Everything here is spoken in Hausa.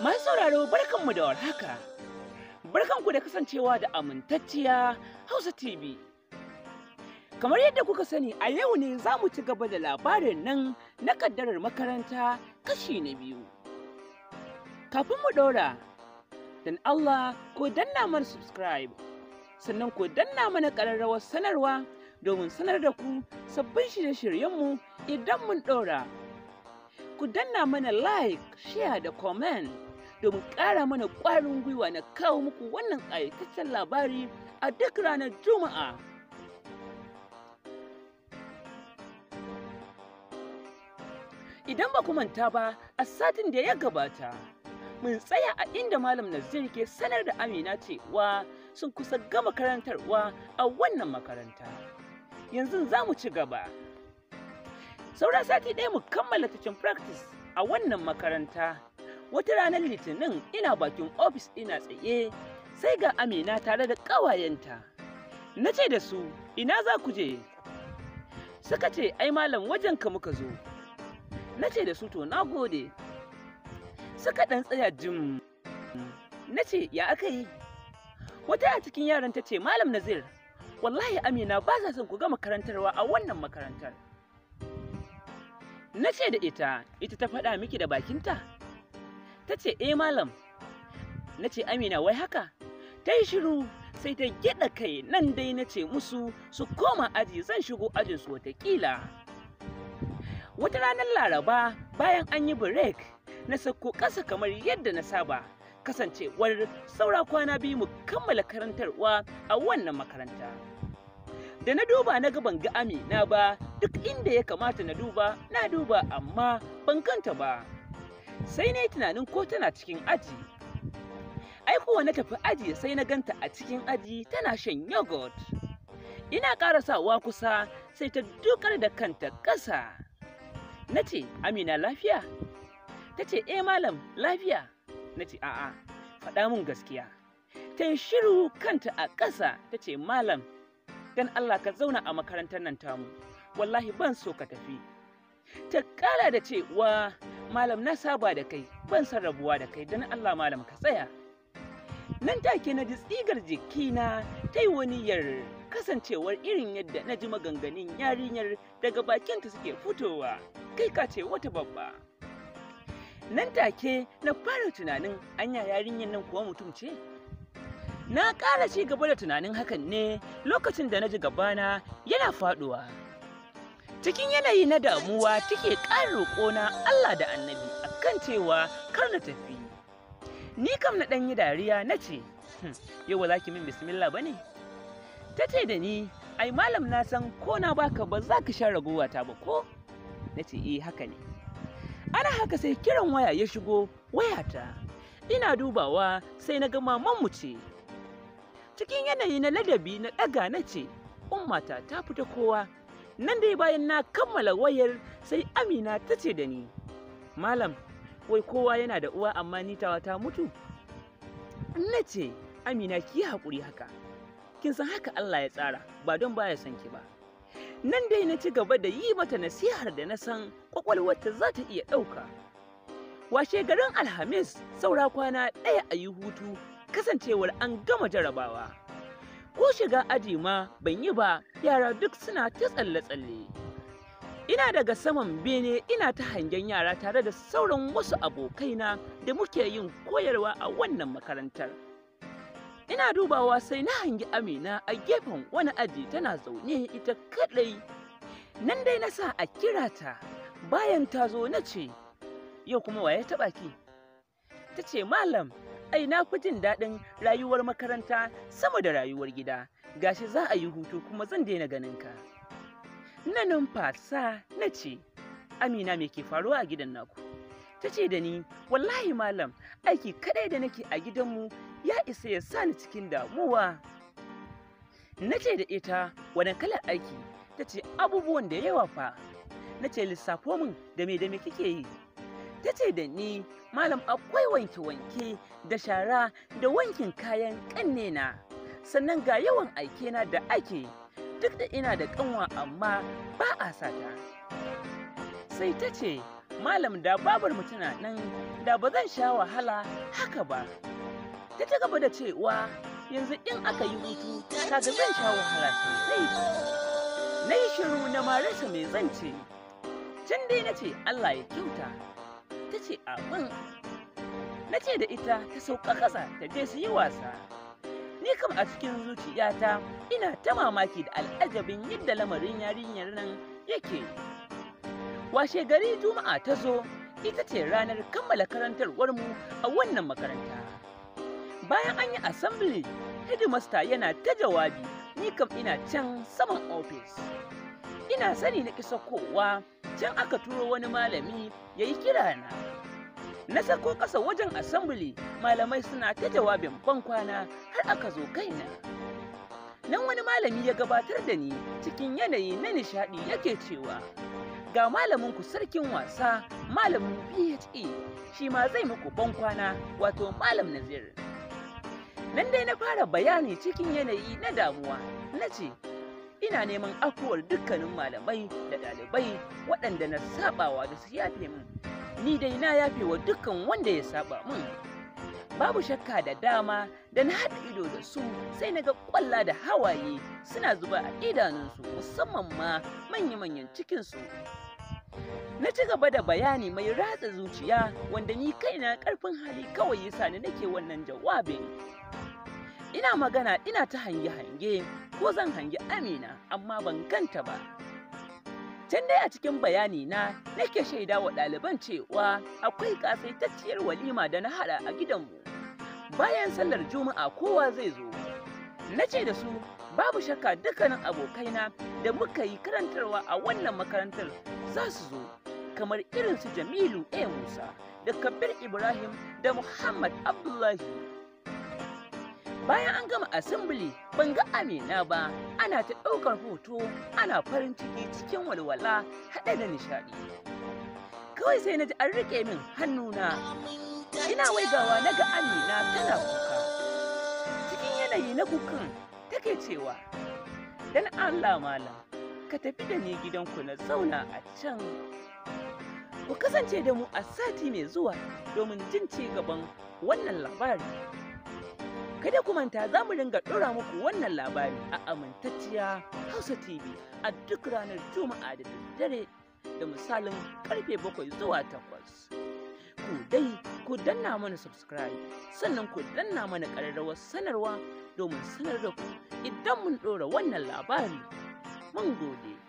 Masu sauraro barkanmu da warhaka. Barkanku da kasancewa da amintacciya Hausa TV. Kamar yadda kuka sani a yau ne za mu ci gaba da labarin nan na kaddarar makaranta kashi na biyu. Kafin mu ɗora, dan Allah ko danna mana subscribe, sannan ko danna mana ƙararrawar sanarwa domin sanar da ku sabbin shirye-shiryenmu idan mun ɗora. Ku danna mana like, share da comment. domin ƙara mana ƙwarin gwiwa na kawo muku wannan ƙayataccen labari a duk ranar Juma'a. Idan ba ku manta ba a satin da ya gabata, mun tsaya a inda Malam Nazir ke sanar da Amina cewa sun kusa gama karantarwa a wannan makaranta. Yanzu za mu ci gaba. Saura sati ɗaya mu kammala tacin practice a wannan makaranta. wata ranar litinin ina bakin ofis ina tsaye sai ga amina tare da ƙawayenta na ce da su ina za ku je suka ce ai malam wajen ka muka zo na ce da su to na gode suka ɗan tsaya jim na ce ya aka yi wata a cikin yaran ta ce malam nazir wallahi amina ba sa son ku makarantarwa a wannan makarantar na ce da ita ita ta faɗa miki da bakinta ta ce eh malam na ce amina wai haka ta yi shiru sai ta gyaɗa kai nan dai na ce musu su koma aji zan shigo ajinsu watakila wata ranar laraba bayan an yi break na sako ƙasa kamar yadda na saba kasancewar saura kwana biyu mu kammala karantarwa a wannan makaranta da na duba na ga ban ga amina ba duk inda ya kamata na duba na duba amma ban kanta ba sai na yi tunanin ko tana cikin aji ai kowa na tafi aji sai na ganta a cikin aji tana shan yogurt ina ƙara sawa kusa sai ta dukar da kanta ƙasa na ce amina lafiya ta ce eh malam lafiya na ce a'a faɗa mun gaskiya ta shiru kanta a ƙasa ta ce malam dan Allah ka zauna a makarantar nan tamu wallahi ban so ka tafi ta ƙara da cewa malam na saba da kai ban san rabuwa da kai don Allah malam ka tsaya nan take na ji tsigar jikina ta yi wani yar kasancewar irin yadda na ji maganganun yarinyar daga bakinta suke fitowa kai ka ce wata babba nan take na fara tunanin anya yarinyar nan kuwa mutum ce na ƙara ci gaba da tunanin hakan ne lokacin da na ji gabana yana faɗuwa. cikin yanayi na damuwa take ƙara ƙona Allah da annabi akan cewa kar na tafi ni kam na ɗan dariya na ce hmm, yau ba za ki min bismillah bane ne ta ce da ni ai malam na san ko na baka ba za ka sha ragowa ta ba ko na ce eh haka ne ana haka sai kiran waya ya shigo wayata ina dubawa sai na ga maman mu ce cikin yanayi na ladabi na ɗaga na ce ummata ta fita kowa nan dai bayan na kammala wayar sai amina ta ce da ni malam wai kowa yana da uwa amma ni tawa ta mutu na ce amina ki haƙuri haka kin san haka allah ya tsara ba don baya son ki ba nan dai na ci gaba da yi mata nasihar da na san kwakwalwarta za ta iya ɗauka washe garin alhamis saura kwana ɗaya a yi hutu kasancewar an gama jarabawa ko shiga aji ma ban yi ba yara duk suna ta tsalle-tsalle ina daga saman bene ina ta hangen yara tare da sauran wasu abokaina da muke yin koyarwa a wannan makarantar ina dubawa sai na hangi amina a gefen wani aji tana zaune ita kadai nan dai na sa a kira ta bayan ta zo na ce yau kuma waye taɓa ki ta ce malam ai na fi jin daɗin rayuwar makaranta sama da rayuwar gida gashi za a yi hutu kuma zan daina ganin ka na numfasa na ce amina me ke faruwa a gidan naku ta ce da ni wallahi malam aiki kaɗai da nake a gidanmu ya isa ya sa ni cikin damuwa na ce da ita wani kalar aiki ta ce abubuwan da yawa fa na ce lissafo min da me da me kike yi ta ce da ni malam akwai wanke-wanke da shara da wankin kayan ƙannena sannan ga yawan aike na da ake duk da ina da ƙanwa amma ba a sata sai ta ce malam da babar mutuna nan da ba zan sha wahala haka ba ta ci gaba da cewa yanzu in aka yi hutu kaga zan sha wahala sosai na yi shiru na marasa mai zance can dai na ce allah ya kyauta ta ce abin na ce da ita ta sauka ƙasa ta je su yi wasa ni kam a cikin zuciyata ina ta mamaki da al'ajabin yadda lamarin yarinyar nan yake washe gari juma'a ta zo ita ce ranar kammala karantarwar mu a wannan makaranta bayan an yi assembly hedimasta yana ta jawabi ni kam ina can saman ofis ina sani na kisa kowa. can aka turo wani malami ya yi kira na na sako kasa wajen asambili malamai suna ta jawabin bankwana har aka zo kaina nan wani malami ya gabatar da ni cikin yanayi na nishadi yake cewa ga malamin ku sarkin wasa malamin PHE shi ma zai muku bankwana wato malam Nazir. Nan dai na fara bayani cikin yanayi na damuwa na ce ina neman afuwar dukkanin malamai da ɗalibai waɗanda na sabawa da su yafe min ni dai na yafe wa dukkan wanda ya saba min babu shakka da dama da na haɗa ido da su sai na ga ƙwalla da hawaye suna zuba a idanunsu musamman ma manya-manyan cikinsu na ci gaba da bayani mai ratsa zuciya wanda ni kaina ƙarfin hali kawai yasa ni nake wannan jawabin Ina magana ina ta hange-hange ko zan hangi Amina amma ban ganta ba. Can dai a cikin bayani na nake shaida wa ɗaliban cewa akwai ƙasaitacciyar walima da na haɗa a gidanmu. Bayan sallar Juma'a kowa zai zo. Na ce da su babu shakka dukkanin abokaina da muka yi karantarwa a wannan makarantar za su zo kamar irin su Jamilu A. Musa da Kabir Ibrahim da Muhammad Abdullahi. bayan an gama assembly ban ga amina ba ana ta ɗaukar hoto ana farin ciki cikin walwala haɗe da nishaɗi kawai sai na ji an riƙe min hannuna ina waigawa na ga amina tana kuka cikin yanayi na kukan take cewa dan allah mala ka tafi da ni gidanku na zauna a can ku kasance da mu a sati mai zuwa domin jin ci gaban wannan labari Kada ku manta za mu ringa ɗora muku wannan labari a amintacciya Hausa TV a duk ranar Juma'a da daddare da misalin karfe bakwai zuwa takwas. Ku dai ku danna mana subscribe sannan ku danna mana ƙararrawar sanarwa domin sanar da ku idan mun ɗora wannan labari. Mun gode.